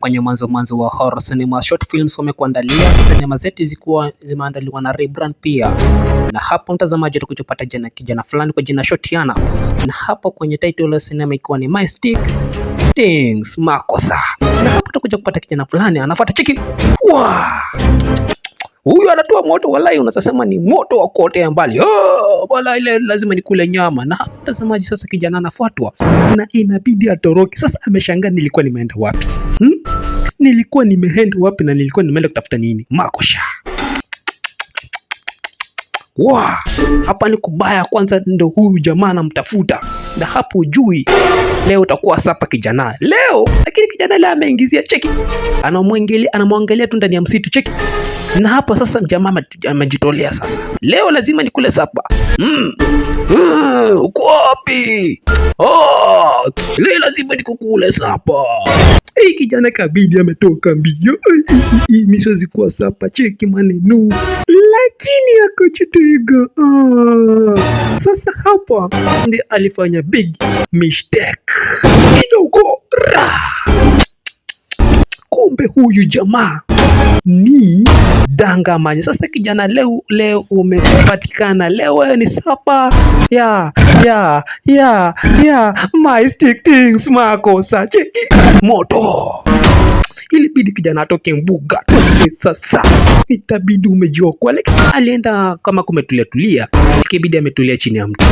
Kwenye mwanzo mwanzo wa Horror Cinema Short Films wamekuandalia sinema zetu zikuwa zimeandaliwa na Rebrand pia, na hapo mtazamaji utakupata jana kijana fulani kwa jina Shotiana, na hapo kwenye title ya sinema ikiwa ni My Stick Things Makosa, na hapo utakuja kupata kijana fulani anafuata cheki huyu, anatoa moto walai, unasema ni moto wa kuotea mbali oh! wala ile lazima nikule nyama. Na mtazamaji, sasa kijana anafuatwa na inabidi atoroke. Sasa ameshangaa nilikuwa nimeenda wapi hmm? nilikuwa nimeenda wapi na nilikuwa nimeenda kutafuta nini? Makosha wa hapa ni kubaya. Kwanza ndo huyu jamaa anamtafuta, na hapo ujui leo utakuwa sapa kijana leo. Lakini kijana leo ameingizia, cheki, anamwangalia anamwangalia tu ndani ya msitu, cheki na hapa sasa jamaa amejitolea sasa, leo lazima nikule sapa. Mm. Uh, uko wapi? Oh, leo lazima nikukule sapa. Hii kijana kabidi ametoka mbio. Mishazi kuwa sapa, cheki maneno lakini akajitega. Ah, sasa hapa ndi alifanya big mistake kidogo. Kumbe huyu jamaa ni dangamanya. Sasa kijana, leo leo umepatikana, leo ni sapa ya ya ya ya my stick things makosa cheki moto ilibidi kijana atoke mbuga. Sasa itabidi umejiokoa, lakini alienda kama kumetuliatulia ikabidi ametulia chini ya mti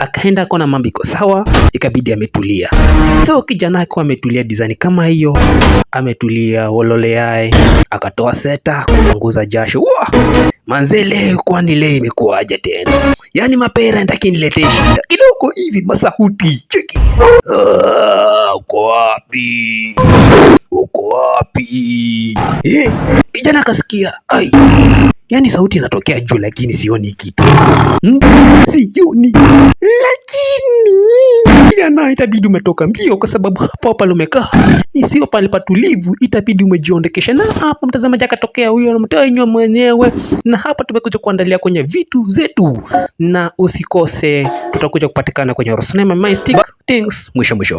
akaenda kona mambo iko sawa, ikabidi ametulia. So kijana akiwa ametulia design kama hiyo, ametulia wololeae, akatoa seta kupunguza jasho. Wow! Manze, kwani leo imekuwaje tena? Yaani mapera ndaki niletee shida kidogo hivi, masahuti cheki. Ah, uko wapi? yuko wapi? Eh, kijana akasikia ai, yaani sauti inatokea juu, lakini sioni kitu hmm? Sioni lakini, kijana, itabidi umetoka mbio, kwa sababu hapa pale umekaa ni sio pale patulivu, itabidi umejiondekesha. Na hapa mtazamaji akatokea huyo mtenywa mwenyewe, na hapa tumekuja kuandalia kwenye vitu zetu, na usikose, tutakuja kupatikana kwenye Rosanema Mystic Things mwisho mwisho.